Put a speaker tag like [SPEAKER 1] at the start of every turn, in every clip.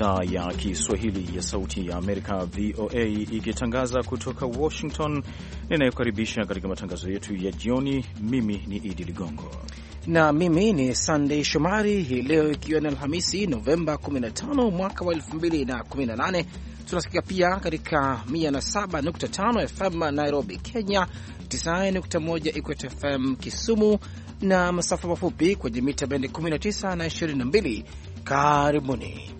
[SPEAKER 1] idhaa ya Kiswahili ya Sauti ya Amerika, VOA, ikitangaza kutoka Washington. Ninayokaribisha katika matangazo yetu ya jioni, mimi ni Idi Ligongo
[SPEAKER 2] na mimi ni Sandei Shomari. Hii leo ikiwa ni Alhamisi, Novemba 15 mwaka wa 2018, tunasikika pia katika 107.5 FM Nairobi, Kenya, 91 Ikweta FM Kisumu na masafa mafupi kwenye mita bendi 19 na 22. Karibuni.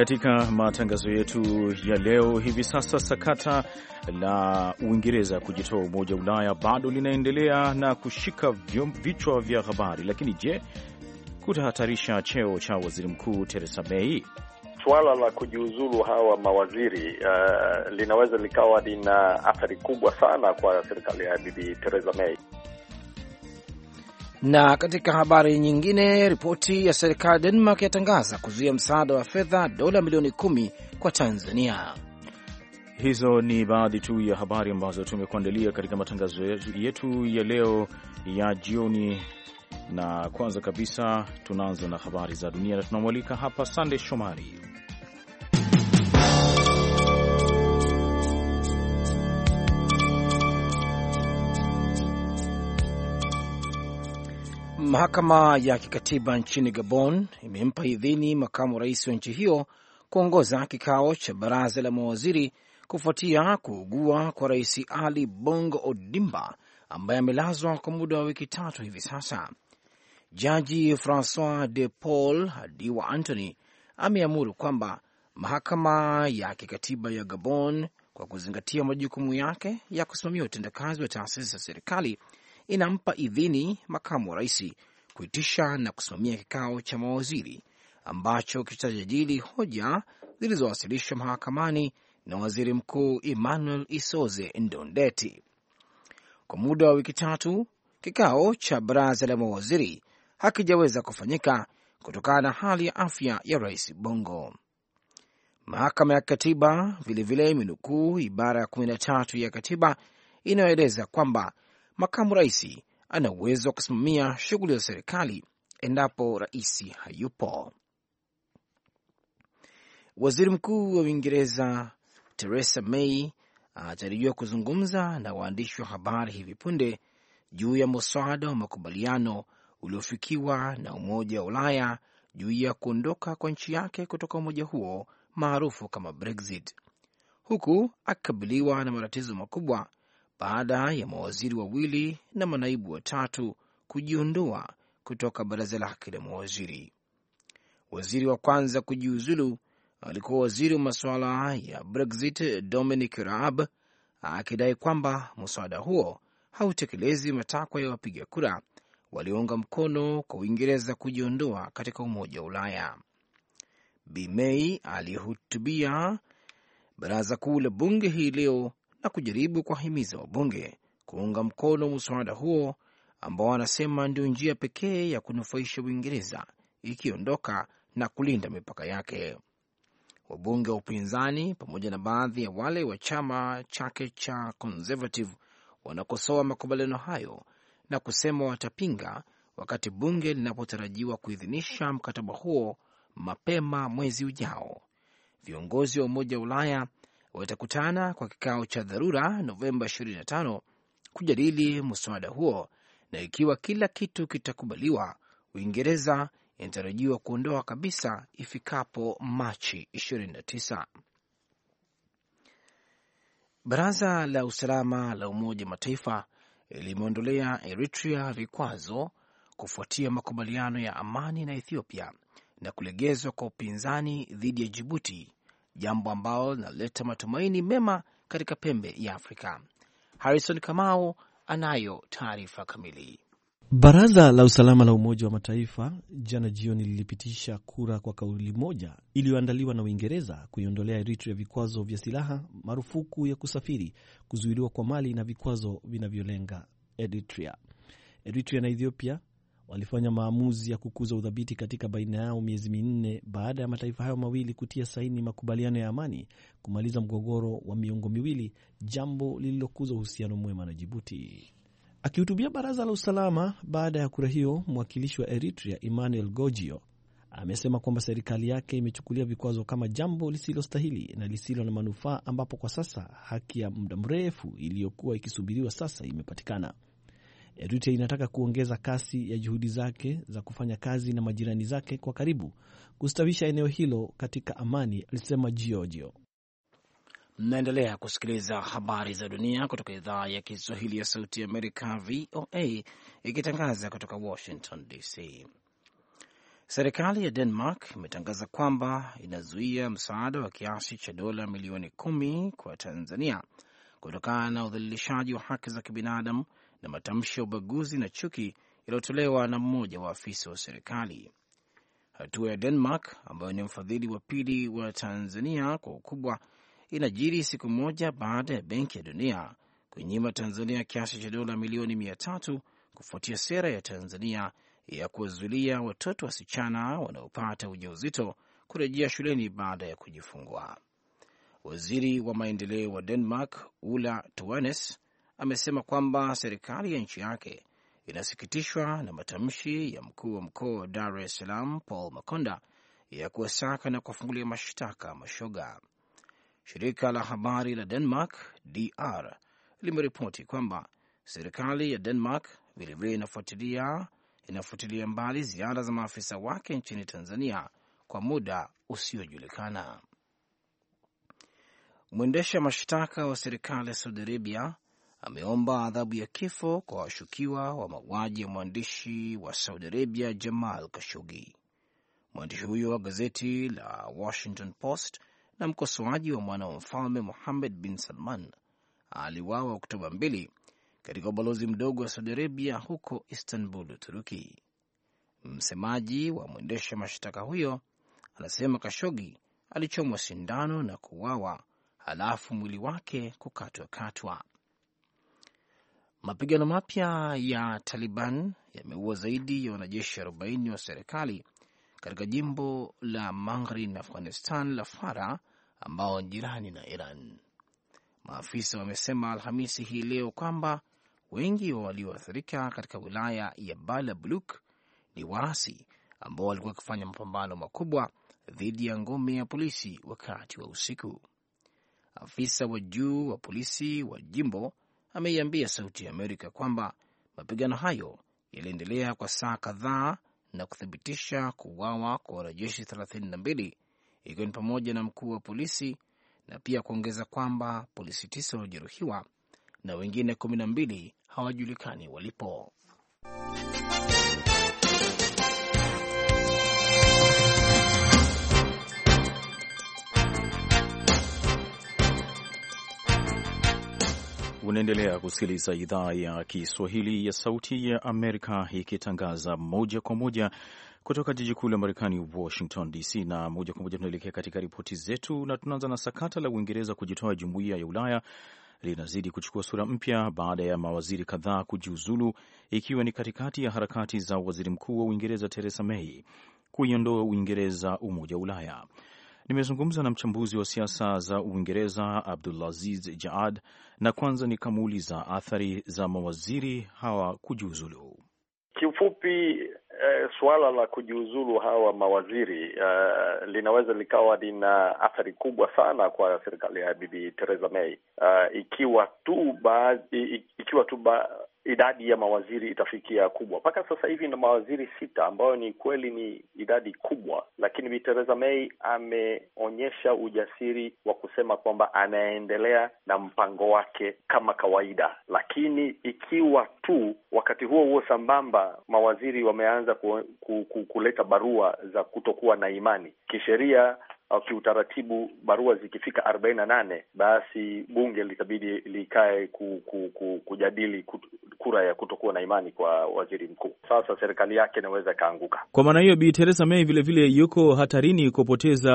[SPEAKER 1] katika matangazo yetu ya leo. Hivi sasa sakata la Uingereza kujitoa Umoja wa Ulaya bado linaendelea na kushika vichwa vya habari, lakini je, kutahatarisha cheo cha waziri mkuu Theresa May?
[SPEAKER 3] Suala la kujiuzulu hawa mawaziri uh, linaweza likawa lina athari kubwa sana kwa serikali ya Bibi Theresa May.
[SPEAKER 2] Na katika habari nyingine, ripoti ya serikali ya Denmark yatangaza
[SPEAKER 1] kuzuia msaada wa fedha dola milioni kumi kwa Tanzania. Hizo ni baadhi tu ya habari ambazo tumekuandalia katika matangazo yetu ya leo ya jioni, na kwanza kabisa tunaanza na habari za dunia na tunamwalika hapa Sande Shomari.
[SPEAKER 2] Mahakama ya kikatiba nchini Gabon imempa idhini makamu rais wa nchi hiyo kuongoza kikao cha baraza la mawaziri kufuatia kuugua kwa rais Ali Bongo Odimba ambaye amelazwa kwa muda wa wiki tatu hivi sasa. Jaji Francois de Paul Hadiwa antony ameamuru kwamba mahakama ya kikatiba ya Gabon, kwa kuzingatia majukumu yake ya kusimamia utendakazi wa taasisi za serikali, inampa idhini makamu wa rais kuitisha na kusimamia kikao cha mawaziri ambacho kitajadili hoja zilizowasilishwa mahakamani na waziri mkuu Emmanuel Isoze Ndondeti. Kwa muda wa wiki tatu, kikao cha baraza la mawaziri hakijaweza kufanyika kutokana na hali ya afya ya rais Bongo. Mahakama ya Katiba vilevile imenukuu ibara ya kumi na tatu ya katiba inayoeleza kwamba makamu raisi ana uwezo wa kusimamia shughuli za serikali endapo rais hayupo. Waziri Mkuu wa Uingereza Theresa May anatarajiwa kuzungumza na waandishi wa habari hivi punde juu ya muswada wa makubaliano uliofikiwa na Umoja wa Ulaya juu ya kuondoka kwa nchi yake kutoka umoja huo maarufu kama Brexit, huku akikabiliwa na matatizo makubwa baada ya mawaziri wawili na manaibu watatu kujiondoa kutoka baraza lake la mawaziri. Waziri wa kwanza kujiuzulu alikuwa waziri wa masuala ya Brexit Dominic Raab, akidai kwamba mswada huo hautekelezi matakwa ya wapiga kura waliounga mkono kwa Uingereza kujiondoa katika Umoja wa Ulaya. Bi May alihutubia baraza kuu la bunge hii leo na kujaribu kuwahimiza wabunge kuunga mkono mswada huo ambao wanasema ndio njia pekee ya kunufaisha Uingereza ikiondoka na kulinda mipaka yake. Wabunge wa upinzani pamoja na baadhi ya wale wa chama chake cha Conservative wanakosoa makubaliano hayo na kusema watapinga wakati bunge linapotarajiwa kuidhinisha mkataba huo mapema mwezi ujao. Viongozi wa Umoja wa Ulaya watakutana kwa kikao cha dharura Novemba 25 kujadili mswada huo, na ikiwa kila kitu kitakubaliwa, Uingereza inatarajiwa kuondoa kabisa ifikapo Machi 29. Baraza la usalama la Umoja Mataifa limeondolea Eritrea vikwazo kufuatia makubaliano ya amani na Ethiopia na kulegezwa kwa upinzani dhidi ya Jibuti jambo ambalo linaleta matumaini mema katika pembe ya Afrika. Harrison Kamau anayo taarifa kamili.
[SPEAKER 4] Baraza la usalama la Umoja wa Mataifa jana jioni lilipitisha kura kwa kauli moja iliyoandaliwa na Uingereza kuiondolea Eritrea vikwazo vya silaha, marufuku ya kusafiri, kuzuiliwa kwa mali na vikwazo vinavyolenga Eritrea. Eritrea na Ethiopia walifanya maamuzi ya kukuza udhabiti katika baina yao miezi minne baada ya mataifa hayo mawili kutia saini makubaliano ya amani kumaliza mgogoro wa miongo miwili, jambo lililokuza uhusiano mwema na Jibuti. Akihutubia baraza la usalama baada ya kura hiyo, mwakilishi wa Eritrea Emmanuel Gogio amesema kwamba serikali yake imechukulia vikwazo kama jambo lisilostahili na lisilo na manufaa, ambapo kwa sasa haki ya muda mrefu iliyokuwa ikisubiriwa sasa imepatikana. Eritrea inataka kuongeza kasi ya juhudi zake za kufanya kazi na majirani zake kwa karibu kustawisha eneo hilo katika amani, alisema Giorgio.
[SPEAKER 2] Mnaendelea kusikiliza habari za dunia kutoka idhaa ya Kiswahili ya Sauti ya Amerika, VOA, ikitangaza kutoka Washington DC. Serikali ya Denmark imetangaza kwamba inazuia msaada wa kiasi cha dola milioni kumi kwa Tanzania kutokana na udhalilishaji wa haki za kibinadamu na matamshi ya ubaguzi na chuki yaliyotolewa na mmoja wa afisa wa serikali. Hatua ya Denmark ambayo ni mfadhili wa pili wa Tanzania kwa ukubwa inajiri siku moja baada ya Benki ya Dunia kuinyima Tanzania kiasi cha dola milioni mia tatu kufuatia sera ya Tanzania ya kuwazuilia watoto wasichana wanaopata ujauzito kurejea shuleni baada ya kujifungua. Waziri wa maendeleo wa Denmark Ulla Toenes amesema kwamba serikali ya nchi yake inasikitishwa na matamshi ya mkuu wa mkoa wa Dar es Salaam Paul Makonda ya kuwasaka na kuwafungulia mashtaka mashoga. Shirika la habari la Denmark DR limeripoti kwamba serikali ya Denmark vilevile inafuatilia inafuatilia mbali ziara za maafisa wake nchini Tanzania kwa muda usiojulikana. Mwendesha mashtaka wa serikali ya Saudi Arabia ameomba adhabu ya kifo kwa washukiwa wa mauaji ya mwandishi wa Saudi Arabia Jamal Kashogi. Mwandishi huyo wa gazeti la Washington Post na mkosoaji wa mwana wa mfalme muhamed bin Salman aliwawa Oktoba 2 katika ubalozi mdogo wa Saudi Arabia huko Istanbul, Uturuki. Msemaji wa mwendesha mashtaka huyo anasema Kashogi alichomwa sindano na kuuawa, halafu mwili wake kukatwakatwa. Mapigano mapya ya Taliban yameua zaidi ya wanajeshi 40 wa serikali katika jimbo la Mangrin, Afghanistan la Fara, ambao ni jirani na Iran. Maafisa wamesema Alhamisi hii leo kwamba wengi wa walioathirika katika wilaya ya Bala Bluk ni waasi ambao walikuwa wakifanya mapambano makubwa dhidi ya ngome ya polisi wakati wa usiku. Afisa wa juu wa polisi wa jimbo ameiambia Sauti ya Amerika kwamba mapigano hayo yaliendelea kwa saa kadhaa na kuthibitisha kuuawa kwa wanajeshi 32 ikiwa ni pamoja na mkuu wa polisi na pia kuongeza kwamba polisi tisa walijeruhiwa na wengine 12 hawajulikani walipo.
[SPEAKER 1] Unaendelea kusikiliza idhaa ya Kiswahili ya Sauti ya Amerika ikitangaza moja kwa moja kutoka jiji kuu la Marekani, Washington DC. Na moja kwa moja tunaelekea katika ripoti zetu, na tunaanza na sakata la Uingereza kujitoa jumuiya ya Ulaya linazidi kuchukua sura mpya baada ya mawaziri kadhaa kujiuzulu, ikiwa ni katikati ya harakati za waziri mkuu wa Uingereza Theresa May kuiondoa Uingereza umoja wa Ulaya. Nimezungumza na mchambuzi wa siasa za Uingereza Abdulaziz Jaad, na kwanza nikamuuliza athari za mawaziri hawa kujiuzulu.
[SPEAKER 3] Kiufupi eh, suala la kujiuzulu hawa mawaziri eh, linaweza likawa lina athari kubwa sana kwa serikali ya Bibi Theresa May eh, ikiwa tu ba, ikiwa tu ba, idadi ya mawaziri itafikia kubwa. Mpaka sasa hivi na mawaziri sita, ambayo ni kweli ni idadi kubwa, lakini Bi Theresa May ameonyesha ujasiri wa kusema kwamba anaendelea na mpango wake kama kawaida, lakini ikiwa tu wakati huo huo sambamba mawaziri wameanza ku, ku, ku, kuleta barua za kutokuwa na imani kisheria au kiutaratibu barua zikifika arobaini na nane basi bunge litabidi likae ku, ku, ku, kujadili kut, kura ya kutokuwa na imani kwa waziri mkuu. Sasa serikali yake inaweza ikaanguka.
[SPEAKER 1] Kwa maana hiyo, Bi Theresa May vilevile yuko hatarini kupoteza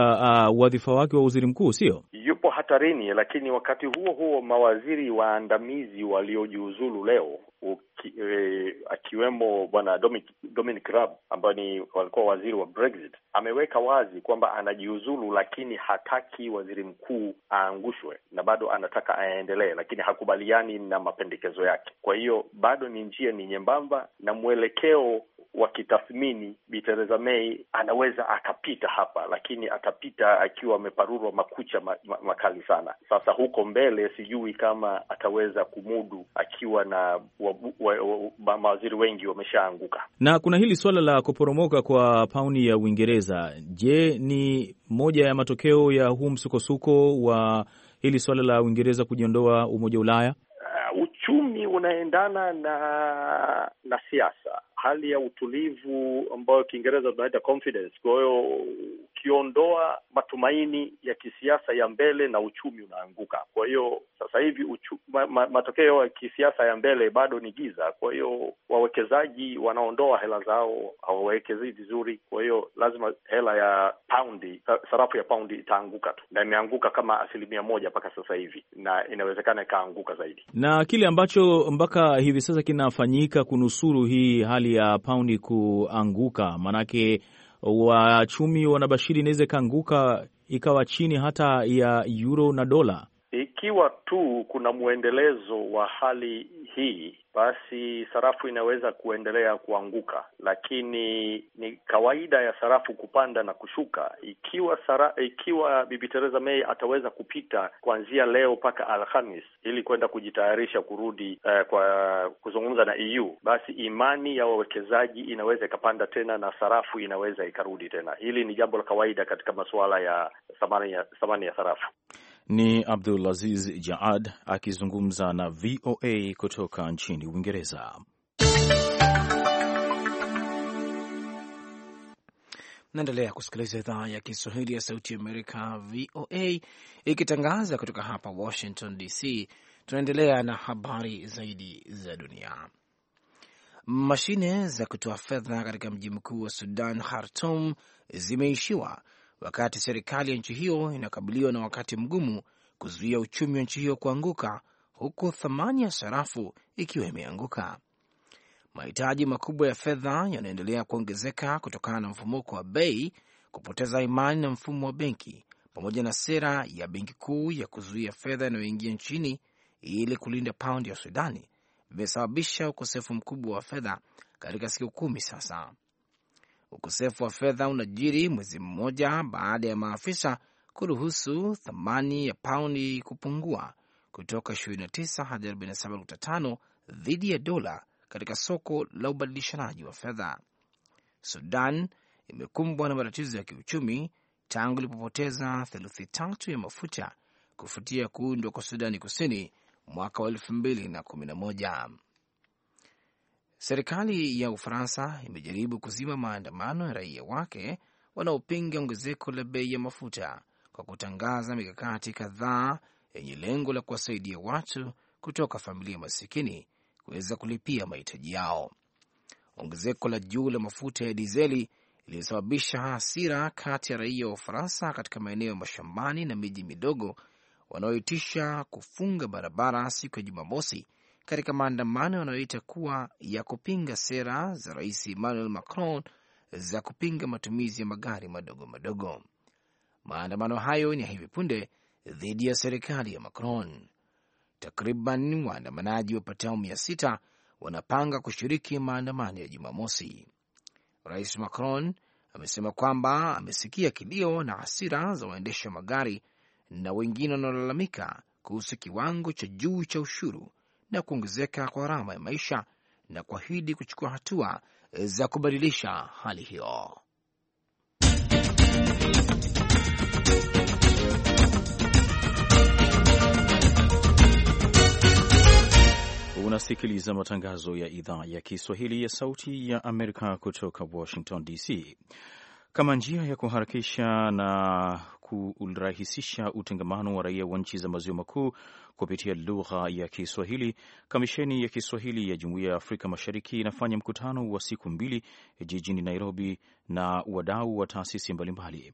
[SPEAKER 1] uh, wadhifa wake wa waziri mkuu, sio?
[SPEAKER 3] Yupo hatarini, lakini wakati huo huo mawaziri waandamizi waliojiuzulu leo uki, e, akiwemo bwana Dominic, Dominic Raab ni walikuwa waziri wa Brexit ameweka wazi kwamba anajiuzulu, lakini hataki waziri mkuu aangushwe na bado anataka aendelee, lakini hakubaliani na mapendekezo yake. Kwa hiyo bado ni njia ni nyembamba na mwelekeo wakitathmini, Bi Theresa May anaweza akapita hapa, lakini atapita akiwa ameparurwa makucha ma, ma, makali sana. Sasa huko mbele sijui kama ataweza kumudu akiwa na mawaziri wengi wameshaanguka.
[SPEAKER 1] Na kuna hili suala la kuporomoka kwa pauni ya Uingereza. Je, ni moja ya matokeo ya huu msukosuko wa hili suala la Uingereza kujiondoa Umoja wa Ulaya?
[SPEAKER 3] Uh, uchumi unaendana na na siasa hali ya utulivu ambayo Kiingereza tunaita confidence. Kwa hiyo ukiondoa matumaini ya kisiasa ya mbele na uchumi unaanguka. Kwa hiyo sasa hivi uchu, ma, ma, matokeo ya kisiasa ya mbele bado ni giza. Kwa hiyo wawekezaji wanaondoa hela zao, hawawekezi vizuri. Kwa hiyo lazima hela ya paundi, sarafu ya paundi itaanguka tu, na imeanguka kama asilimia moja mpaka sasa hivi, na inawezekana ikaanguka zaidi,
[SPEAKER 1] na kile ambacho mpaka hivi sasa kinafanyika kunusuru hii hali ya paundi kuanguka? Maanake wachumi wanabashiri inaweza ikaanguka ikawa chini hata ya euro na dola.
[SPEAKER 3] Ikiwa tu kuna mwendelezo wa hali hii, basi sarafu inaweza kuendelea kuanguka, lakini ni kawaida ya sarafu kupanda na kushuka. Ikiwa sara, ikiwa Bibi Theresa May ataweza kupita kuanzia leo mpaka Alhamis ili kwenda kujitayarisha kurudi uh, kwa kuzungumza na EU, basi imani ya wawekezaji inaweza ikapanda tena na sarafu inaweza ikarudi tena. Hili ni jambo la kawaida katika masuala ya thamani ya, thamani ya sarafu.
[SPEAKER 1] Ni Abdul Aziz Jaad akizungumza na VOA kutoka nchini Uingereza.
[SPEAKER 2] Naendelea kusikiliza idhaa ya Kiswahili ya Sauti ya Amerika, VOA, ikitangaza kutoka hapa Washington DC. Tunaendelea na habari zaidi za dunia. Mashine za kutoa fedha katika mji mkuu wa Sudan, Khartum, zimeishiwa wakati serikali ya nchi hiyo inakabiliwa na wakati mgumu kuzuia uchumi wa nchi hiyo kuanguka, huku thamani ya sarafu ikiwa imeanguka. Mahitaji makubwa ya fedha yanaendelea kuongezeka kutokana na mfumuko wa bei, kupoteza imani na mfumo wa benki, pamoja na sera ya benki kuu ya kuzuia fedha inayoingia nchini ili kulinda paundi ya Sudani, vimesababisha ukosefu mkubwa wa fedha katika siku kumi sasa. Ukosefu wa fedha unajiri mwezi mmoja baada ya maafisa kuruhusu thamani ya paundi kupungua kutoka 29 hadi 47.5 dhidi ya dola katika soko la ubadilishanaji wa fedha. Sudan imekumbwa na matatizo ya kiuchumi tangu ilipopoteza theluthi tatu ya mafuta kufuatia kuundwa kwa Sudani Kusini mwaka wa 211 Serikali ya Ufaransa imejaribu kuzima maandamano ya raia wake wanaopinga ongezeko la bei ya mafuta kwa kutangaza mikakati kadhaa yenye lengo la kuwasaidia watu kutoka familia masikini kuweza kulipia mahitaji yao. Ongezeko la juu la mafuta ya dizeli iliyosababisha hasira kati ya raia wa Ufaransa katika maeneo ya mashambani na miji midogo wanaoitisha kufunga barabara siku ya Jumamosi katika maandamano yanayoita kuwa ya kupinga sera za rais Emmanuel Macron za kupinga matumizi ya magari madogo madogo. Maandamano hayo ni ya hivi punde dhidi ya serikali ya Macron. Takriban waandamanaji wapatao mia sita wanapanga kushiriki maandamano ya Jumamosi. Rais Macron amesema kwamba amesikia kilio na hasira za waendesha magari na wengine wanaolalamika kuhusu kiwango cha juu cha ushuru na kuongezeka kwa gharama ya maisha na kuahidi kuchukua hatua e, za kubadilisha hali hiyo.
[SPEAKER 1] Unasikiliza matangazo ya idhaa ya Kiswahili ya Sauti ya Amerika kutoka Washington DC. Kama njia ya kuharakisha na kurahisisha utengamano wa raia wa nchi za maziwa makuu kupitia lugha ya Kiswahili, kamisheni ya Kiswahili ya Jumuiya ya Afrika Mashariki inafanya mkutano wa siku mbili jijini Nairobi na wadau wa taasisi mbalimbali.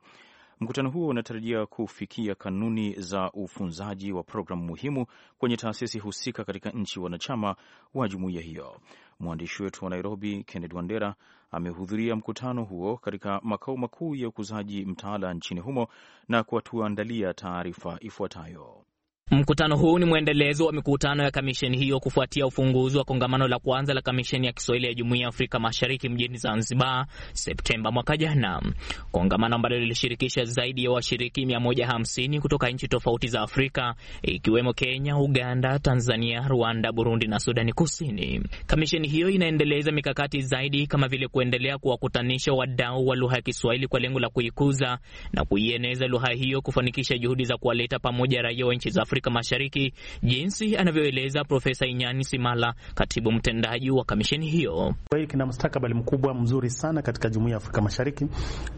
[SPEAKER 1] Mkutano huo unatarajia kufikia kanuni za ufunzaji wa programu muhimu kwenye taasisi husika katika nchi wanachama wa jumuiya hiyo. Mwandishi wetu wa Nairobi, Kenneth Wandera, amehudhuria mkutano huo katika makao makuu ya ukuzaji mtaala nchini humo na kuwatuandalia taarifa ifuatayo.
[SPEAKER 5] Mkutano huu ni mwendelezo wa mikutano ya kamisheni hiyo kufuatia ufunguzi wa kongamano la kwanza la kamisheni ya Kiswahili ya Jumuiya ya Afrika Mashariki mjini Zanzibar Septemba mwaka jana, kongamano ambalo lilishirikisha zaidi ya washiriki 150 kutoka nchi tofauti za Afrika ikiwemo Kenya, Uganda, Tanzania, Rwanda, Burundi na Sudani Kusini. Kamisheni hiyo inaendeleza mikakati zaidi kama vile kuendelea kuwakutanisha wadau wa lugha ya Kiswahili kwa lengo la kuikuza na kuieneza lugha hiyo, kufanikisha juhudi za kuwaleta pamoja raia wa nchi za Afrika Afrika Mashariki, jinsi anavyoeleza Profesa Inyani Simala, katibu mtendaji wa kamisheni hiyo.
[SPEAKER 6] Kina mustakabali mkubwa mzuri sana katika jumuiya ya Afrika Mashariki.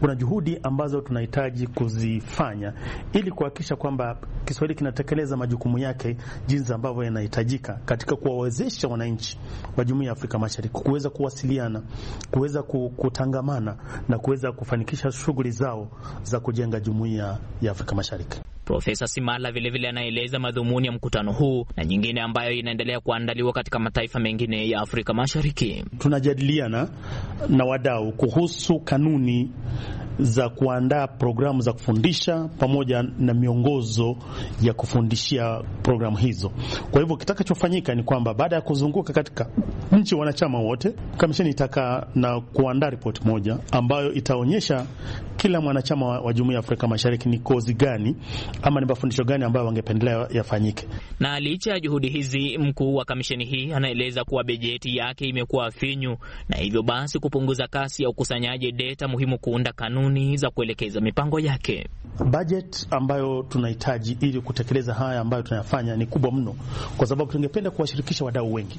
[SPEAKER 6] Kuna juhudi ambazo tunahitaji kuzifanya ili kuhakikisha kwamba Kiswahili kinatekeleza majukumu yake jinsi ambavyo yanahitajika katika kuwawezesha wananchi wa jumuiya ya Afrika Mashariki kuweza kuwasiliana, kuweza kutangamana na kuweza kufanikisha shughuli zao za kujenga jumuiya ya Afrika Mashariki.
[SPEAKER 5] Profesa Simala vilevile anaeleza madhumuni ya mkutano huu na nyingine ambayo inaendelea kuandaliwa katika mataifa mengine ya Afrika Mashariki.
[SPEAKER 6] Tunajadiliana na wadau kuhusu kanuni za kuandaa programu za kufundisha pamoja na miongozo ya kufundishia programu hizo. Kwa hivyo kitakachofanyika ni kwamba baada ya kuzunguka katika nchi wanachama wote, kamisheni itaka na kuandaa ripoti moja ambayo itaonyesha kila mwanachama wa Jumuiya ya Afrika Mashariki ni kozi gani ama ni mafundisho gani ambayo wangependelea yafanyike.
[SPEAKER 5] Na licha ya juhudi hizi, mkuu wa kamisheni hii anaeleza kuwa bajeti yake imekuwa finyu, na hivyo basi kupunguza kasi ya ukusanyaji data muhimu, kuunda kanuni za kuelekeza mipango yake.
[SPEAKER 6] Bajeti ambayo tunahitaji ili kutekeleza haya ambayo tunayafanya ni kubwa mno, kwa sababu tungependa kuwashirikisha wadau wengi,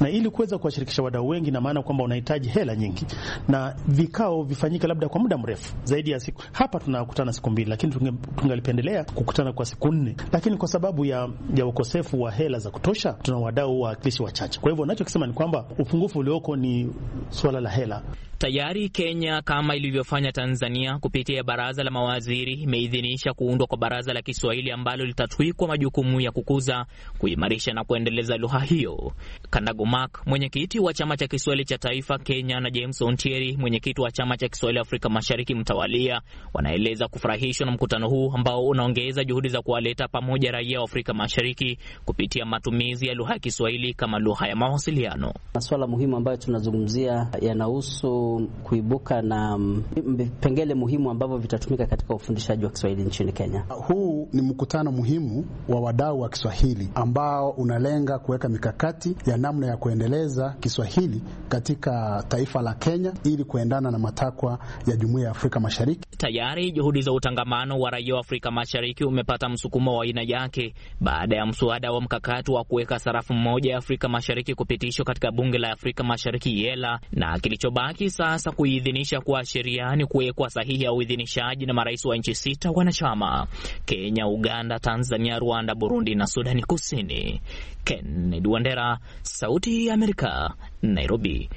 [SPEAKER 6] na ili kuweza kuwashirikisha wadau wengi, na maana kwamba unahitaji hela nyingi, na vikao vifanyike labda kwa muda mrefu zaidi ya siku. Hapa tunakutana siku mbili, lakini tungalipendelea kukutana kwa siku nne, lakini kwa sababu ya, ya ukosefu wa hela za kutosha, tuna wadau wawakilishi wachache. Kwa hivyo nachokisema ni kwamba upungufu ulioko ni suala la hela.
[SPEAKER 5] Tayari Kenya kama ilivyofanya Tanzania kupitia baraza la mawaziri imeidhinisha kuundwa kwa baraza la Kiswahili ambalo litatwikwa majukumu ya kukuza, kuimarisha na kuendeleza lugha hiyo. Kandagomak, mwenyekiti wa chama cha Kiswahili cha taifa Kenya, na James Ontieri, mwenyekiti wa chama cha Kiswahili Afrika Mashariki mtawalia, wanaeleza kufurahishwa na mkutano huu ambao unaongeza juhudi za kuwaleta pamoja raia wa Afrika Mashariki kupitia matumizi ya lugha ya Kiswahili kama lugha ya mawasiliano. Masuala
[SPEAKER 7] muhimu ambayo tunazungumzia yanahusu kuibuka na mm, vipengele muhimu ambavyo vitatumika katika ufundishaji wa Kiswahili nchini Kenya.
[SPEAKER 6] Huu ni mkutano muhimu wa wadau wa Kiswahili ambao unalenga kuweka mikakati ya namna ya kuendeleza Kiswahili katika taifa la Kenya ili kuendana na matakwa ya Jumuiya ya Afrika
[SPEAKER 5] Mashariki. Tayari juhudi za utangamano wa raia wa Afrika Mashariki umepata msukumo wa aina yake baada ya mswada wa mkakati wa kuweka sarafu moja ya Afrika Mashariki kupitishwa katika bunge la Afrika Mashariki, YELA, na kilichobaki sasa kuidhinisha kuwa sheria ni kuwekwa sahihi ya uidhinishaji na marais wa nchi sita wanachama: Kenya, Uganda, Tanzania, Rwanda, Burundi na Sudani Kusini. Kennedy Wandera, Sauti ya Amerika, Nairobi.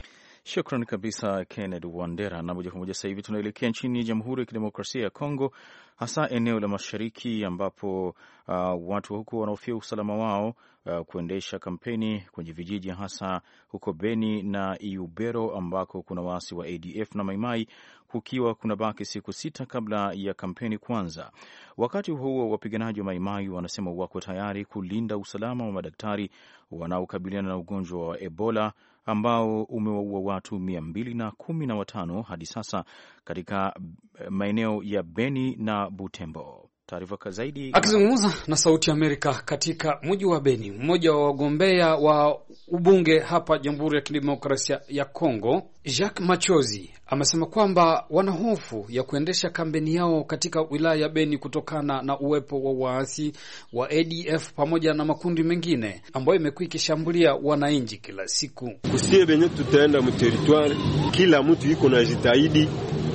[SPEAKER 1] Shukran kabisa kenned Wandera. Na moja kwa moja sasa hivi tunaelekea nchini Jamhuri ya Kidemokrasia ya Kongo, hasa eneo la mashariki ambapo uh, watu huko wanaofia usalama wao uh, kuendesha kampeni kwenye vijiji hasa huko Beni na Iubero ambako kuna waasi wa ADF na Maimai, kukiwa kuna baki siku sita kabla ya kampeni kuanza. Wakati huo wapiganaji wa Maimai wanasema wako tayari kulinda usalama wa madaktari wanaokabiliana na ugonjwa wa Ebola ambao umewaua watu mia mbili na kumi na watano hadi sasa katika eh, maeneo ya Beni na Butembo. Taarifa zaidi. Akizungumza
[SPEAKER 7] na Sauti ya Amerika katika mji wa Beni, mmoja wa wagombea wa ubunge hapa Jamhuri ya Kidemokrasia ya Kongo, Jacques Machozi, amesema kwamba wana hofu ya kuendesha kampeni yao katika wilaya ya Beni kutokana na uwepo wa waasi wa ADF pamoja na makundi mengine ambayo imekuwa ikishambulia wananchi kila siku. Kusie
[SPEAKER 6] benye tutaenda mteritwari, kila mtu iko na jitahidi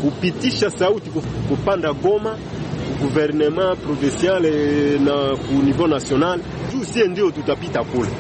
[SPEAKER 6] kupitisha sauti kupanda Goma gouvernement provincial na niveau national juu sie ndio tutapita kule,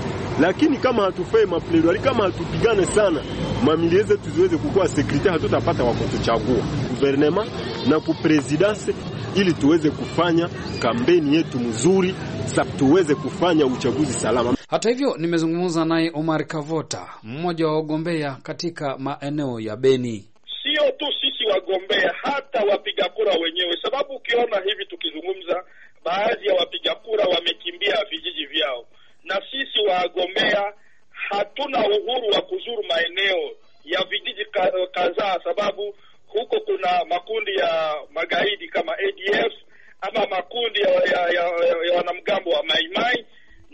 [SPEAKER 6] lakini kama hatufai mapledoari, kama hatupigane sana mamilie zetu ziweze kukuwa sekurite, hatutapata wakutuchagua guvernema na kupresidansi, ili tuweze kufanya kampeni yetu mzuri sa
[SPEAKER 7] tuweze kufanya uchaguzi salama. Hata hivyo, nimezungumza naye Omar Kavota, mmoja wa wagombea katika maeneo ya Beni.
[SPEAKER 3] Sio tu si wagombea, hata wapiga kura wenyewe, sababu ukiona hivi tukizungumza, baadhi ya wapiga kura wamekimbia vijiji vyao, na sisi wagombea hatuna uhuru wa kuzuru maeneo ya vijiji kadhaa, sababu huko kuna makundi ya magaidi kama ADF ama makundi ya, ya, ya, ya, ya wanamgambo wa Maimai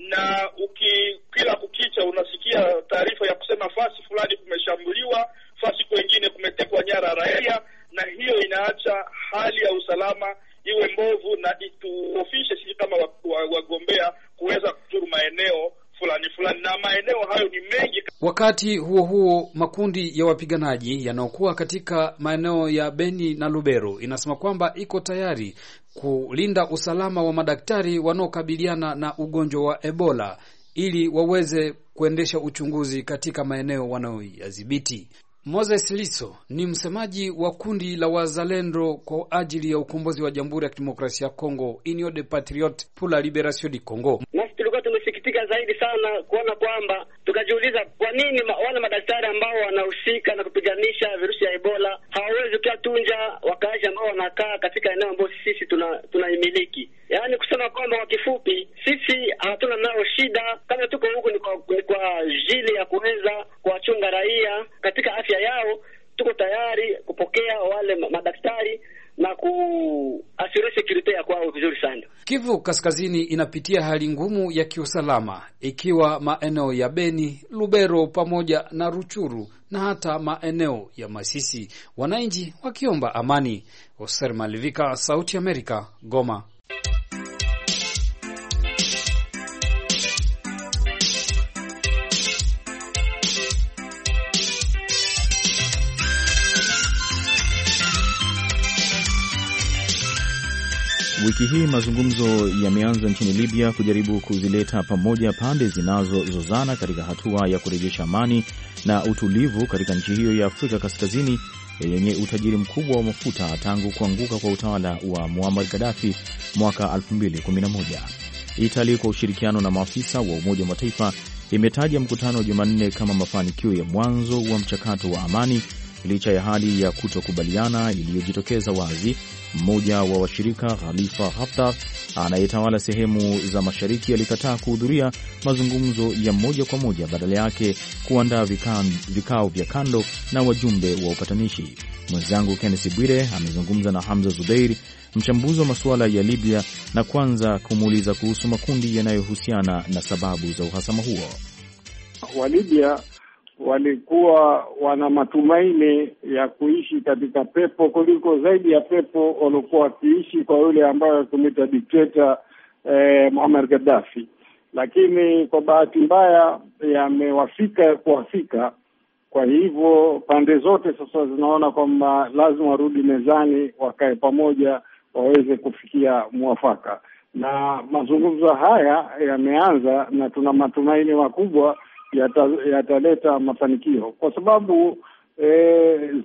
[SPEAKER 3] na uki, kila kukicha unasikia taarifa ya kusema fasi fulani kumeshambuliwa, fasi kwengine kumetekwa nyara raia, na hiyo inaacha hali ya usalama iwe mbovu na ituofishe sisi kama wagombea kuweza kuzuru maeneo fulani fulani, na maeneo hayo ni
[SPEAKER 7] mengi. Wakati huo huo, makundi ya wapiganaji yanayokuwa katika maeneo ya Beni na Lubero inasema kwamba iko tayari kulinda usalama wa madaktari wanaokabiliana na ugonjwa wa Ebola ili waweze kuendesha uchunguzi katika maeneo wanayoyadhibiti. Moses Liso ni msemaji wa kundi la wazalendo kwa ajili ya ukombozi wa Jamhuri ya Kidemokrasia ya Kongo, Union de Patriote pour la Liberation du Congo zaidi sana kuona kwamba tukajiuliza kwa nini ma, wale madaktari ambao wanahusika na kupiganisha virusi ya Ebola hawawezi tunja wakaaji ambao wanakaa katika eneo ambayo sisi tunaimiliki tuna, yaani kusema kwamba kwa kifupi sisi hatuna nao shida, kama tuko huku ni kwa, ni kwa jili ya kuweza kuwachunga raia katika afya yao. Tuko tayari kupokea wale madaktari na kuasure sekurite ya kwao vizuri sana. Kivu Kaskazini inapitia hali ngumu ya kiusalama, ikiwa maeneo ya Beni, Lubero pamoja na Ruchuru na hata maeneo ya Masisi, wananchi wakiomba amani. Oser Malivika, Sauti Amerika, Goma.
[SPEAKER 1] wiki hii mazungumzo yameanza nchini Libya kujaribu kuzileta pamoja pande zinazozozana katika hatua ya kurejesha amani na utulivu katika nchi hiyo ya Afrika Kaskazini yenye utajiri mkubwa wa mafuta tangu kuanguka kwa utawala wa Muammar Gaddafi mwaka 2011. Itali kwa ushirikiano na maafisa wa Umoja wa Mataifa imetaja mkutano wa Jumanne kama mafanikio ya mwanzo wa mchakato wa amani licha ya hali ya kutokubaliana iliyojitokeza wazi. Mmoja wa washirika Khalifa Haftar anayetawala sehemu za mashariki alikataa kuhudhuria mazungumzo ya moja kwa moja, badala yake kuandaa vikao vya kando na wajumbe wa upatanishi. Mwenzangu Kennesi Bwire amezungumza na Hamza Zubeir, mchambuzi wa masuala ya Libya, na kwanza kumuuliza kuhusu makundi yanayohusiana na sababu za uhasama huo.
[SPEAKER 8] Walibya walikuwa wana matumaini ya kuishi katika pepo kuliko zaidi ya pepo waliokuwa wakiishi kwa yule ambayo kumita dikteta eh, Muammar Gaddafi, lakini kwa bahati mbaya yamewafika ya kuwafika. Kwa hivyo pande zote sasa zinaona kwamba lazima warudi mezani, wakae pamoja, waweze kufikia mwafaka, na mazungumzo haya yameanza na tuna matumaini makubwa yataleta yata mafanikio kwa sababu e,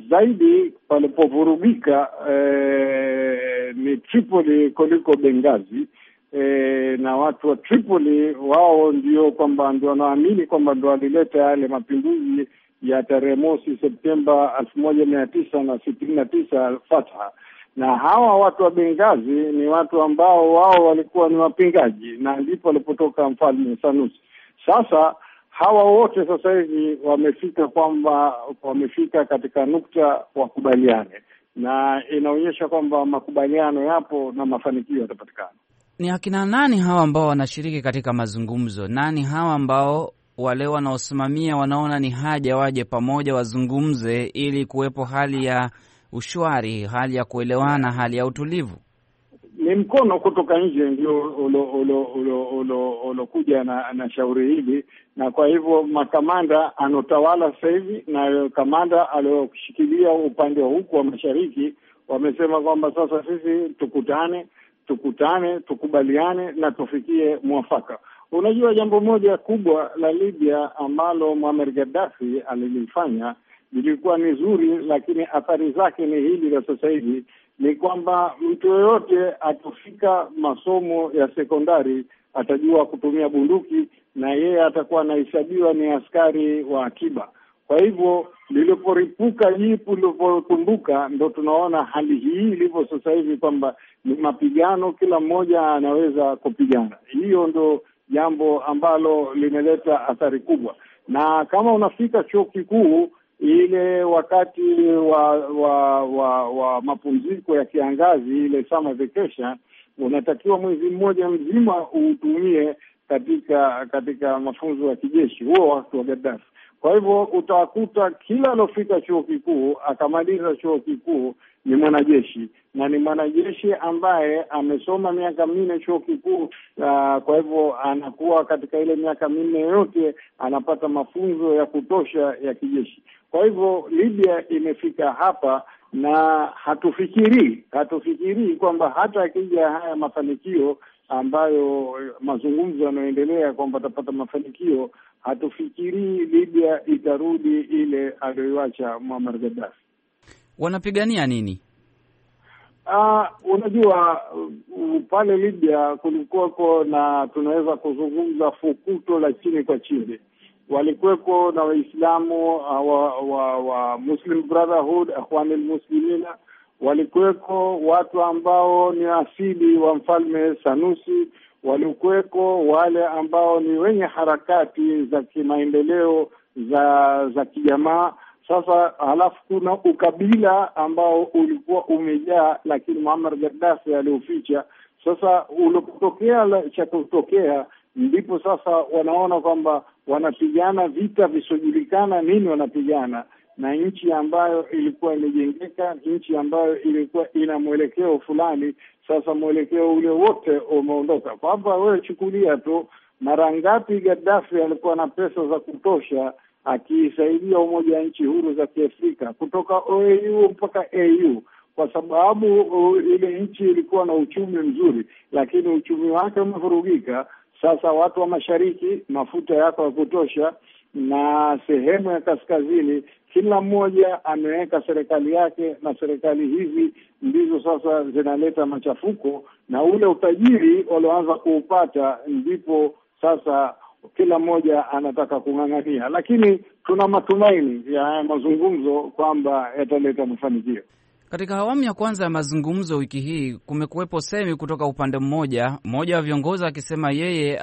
[SPEAKER 8] zaidi palipovurugika e, ni Tripoli kuliko bengazi E, eh, na watu wa Tripoli wao ndio kwamba ndio wanaamini kwamba ndio walileta yale mapinduzi ya tarehe mosi Septemba elfu moja mia tisa na sitini na tisa Fatha na hawa watu wa Bengazi ni watu ambao wao walikuwa ni wapingaji, na ndipo walipotoka mfalme Sanusi. Sasa hawa wote sasa hivi wamefika kwamba wamefika katika nukta wakubaliane, na inaonyesha kwamba makubaliano yapo na mafanikio yatapatikana.
[SPEAKER 7] Ni akina nani hawa ambao wanashiriki katika mazungumzo? Nani hawa ambao wale wanaosimamia wanaona ni haja waje pamoja wazungumze, ili kuwepo hali ya ushwari, hali ya kuelewana, hali ya utulivu?
[SPEAKER 8] ni mkono kutoka nje ndio ulokuja na, na shauri hili, na kwa hivyo makamanda anaotawala sasa hivi na kamanda alioshikilia upande wa huku wa mashariki wamesema kwamba sasa sisi tukutane, tukutane, tukubaliane na tufikie mwafaka. Unajua, jambo moja kubwa la Libya ambalo Muammar Gaddafi alilifanya lilikuwa ni zuri, lakini athari zake ni hili la sasa hivi ni kwamba mtu yoyote akifika masomo ya sekondari atajua kutumia bunduki na yeye atakuwa anahesabiwa ni askari wa akiba. Kwa hivyo liliporipuka jipu, lilipotumbuka, ndo tunaona hali hii ilivyo sasa hivi, kwamba ni mapigano, kila mmoja anaweza kupigana. Hiyo ndo jambo ambalo limeleta athari kubwa, na kama unafika chuo kikuu ile wakati wa wa wa, wa mapumziko ya kiangazi, ile summer vacation, unatakiwa mwezi mmoja mzima uutumie katika katika mafunzo ya kijeshi huo wakati wa Gaddafi. Kwa hivyo utakuta kila aliofika chuo kikuu akamaliza chuo kikuu ni mwanajeshi na ni mwanajeshi ambaye amesoma miaka minne chuo kikuu. Uh, kwa hivyo anakuwa katika ile miaka minne yote anapata mafunzo ya kutosha ya kijeshi. Kwa hivyo Libya imefika hapa na hatufikirii hatufikirii kwamba hata akija haya mafanikio ambayo mazungumzo yanayoendelea kwamba atapata mafanikio, hatufikirii Libya itarudi ile aliyoiwacha Muammar Gaddafi.
[SPEAKER 7] Wanapigania nini?
[SPEAKER 8] Uh, unajua uh, pale Libya kulikuwako na tunaweza kuzungumza fukuto la chini kwa chini walikuwepo na Waislamu ah, wa, wa, wa Muslim Brotherhood, Akhwanul Muslimina, walikuweko watu ambao ni asili wa mfalme Sanusi, walikuweko wale ambao ni wenye harakati za kimaendeleo za za kijamaa. Sasa halafu kuna ukabila ambao ulikuwa umejaa, lakini Muammar Gaddafi aliuficha. Sasa ulipotokea cha kutokea ndipo sasa wanaona kwamba wanapigana vita visiojulikana nini wanapigana na nchi ambayo ilikuwa imejengeka, nchi ambayo ilikuwa ina mwelekeo fulani. Sasa mwelekeo ule wote umeondoka, kwamba wewe chukulia tu, mara ngapi Gaddafi alikuwa na pesa za kutosha akiisaidia umoja wa nchi huru za Kiafrika kutoka OAU mpaka AU kwa sababu uh, ile nchi ilikuwa na uchumi mzuri, lakini uchumi wake umevurugika. Sasa watu wa mashariki mafuta yako ya kutosha, na sehemu ya kaskazini, kila mmoja ameweka serikali yake, na serikali hizi ndizo sasa zinaleta machafuko, na ule utajiri walioanza kuupata ndipo sasa kila mmoja anataka kung'ang'ania, lakini tuna matumaini ya haya mazungumzo kwamba yataleta mafanikio.
[SPEAKER 7] Katika awamu ya kwanza ya mazungumzo wiki hii kumekuwepo semi kutoka upande mmoja, mmoja wa viongozi akisema yeye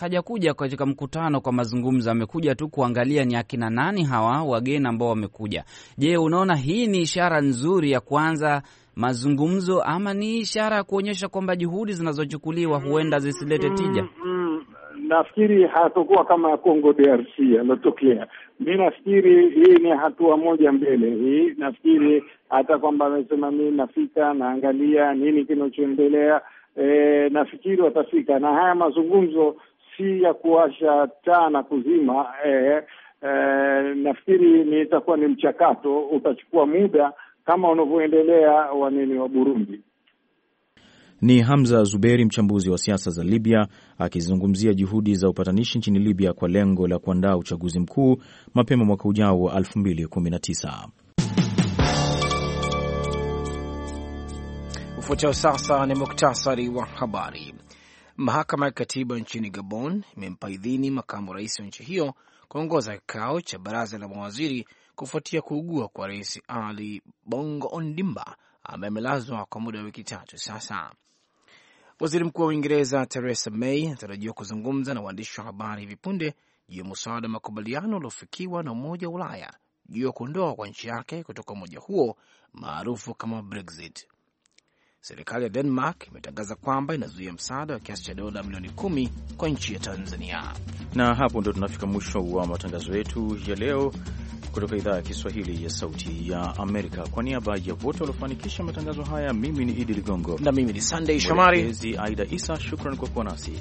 [SPEAKER 7] hajakuja katika mkutano kwa mazungumzo, amekuja tu kuangalia ni akina nani hawa wageni ambao wamekuja. Je, unaona hii ni ishara nzuri ya kuanza mazungumzo ama ni ishara ya kuonyesha kwamba juhudi zinazochukuliwa huenda zisilete tija? Mm,
[SPEAKER 8] mm, nafikiri hatokuwa kama Congo DRC alotokea. Mi nafikiri hii ni hatua moja mbele hii, nafikiri hata kwamba amesema mi nafika naangalia nini kinachoendelea. E, nafikiri watafika na haya mazungumzo si ya kuwasha taa na kuzima. E, e, nafikiri ni itakuwa ni mchakato utachukua muda kama unavyoendelea wanini wa Burundi.
[SPEAKER 1] Ni Hamza Zuberi, mchambuzi wa siasa za Libya, akizungumzia juhudi za upatanishi nchini Libya kwa lengo la kuandaa uchaguzi mkuu mapema mwaka ujao wa 2019.
[SPEAKER 2] Ufuatao sasa ni muktasari wa habari. Mahakama ya katiba nchini Gabon imempa idhini makamu rais wa nchi hiyo kuongoza kikao cha baraza la mawaziri kufuatia kuugua kwa rais Ali Bongo Ondimba ambaye amelazwa kwa muda wa wiki tatu sasa. Waziri Mkuu wa Uingereza Theresa May anatarajiwa kuzungumza na waandishi wa habari hivi punde juu ya mswada wa makubaliano uliofikiwa na Umoja wa Ulaya juu ya kuondoa kwa nchi yake kutoka umoja huo maarufu kama Brexit. Serikali ya Denmark imetangaza kwamba inazuia msaada wa kiasi cha dola milioni kumi kwa nchi ya Tanzania.
[SPEAKER 1] Na hapo ndo tunafika mwisho wa matangazo yetu ya leo kutoka idhaa ya Kiswahili ya Sauti ya Amerika. Kwa niaba ya wote waliofanikisha matangazo haya, mimi ni Idi Ligongo na mimi ni Sandey Shomari, Aida Isa. Shukran kwa kuwa nasi.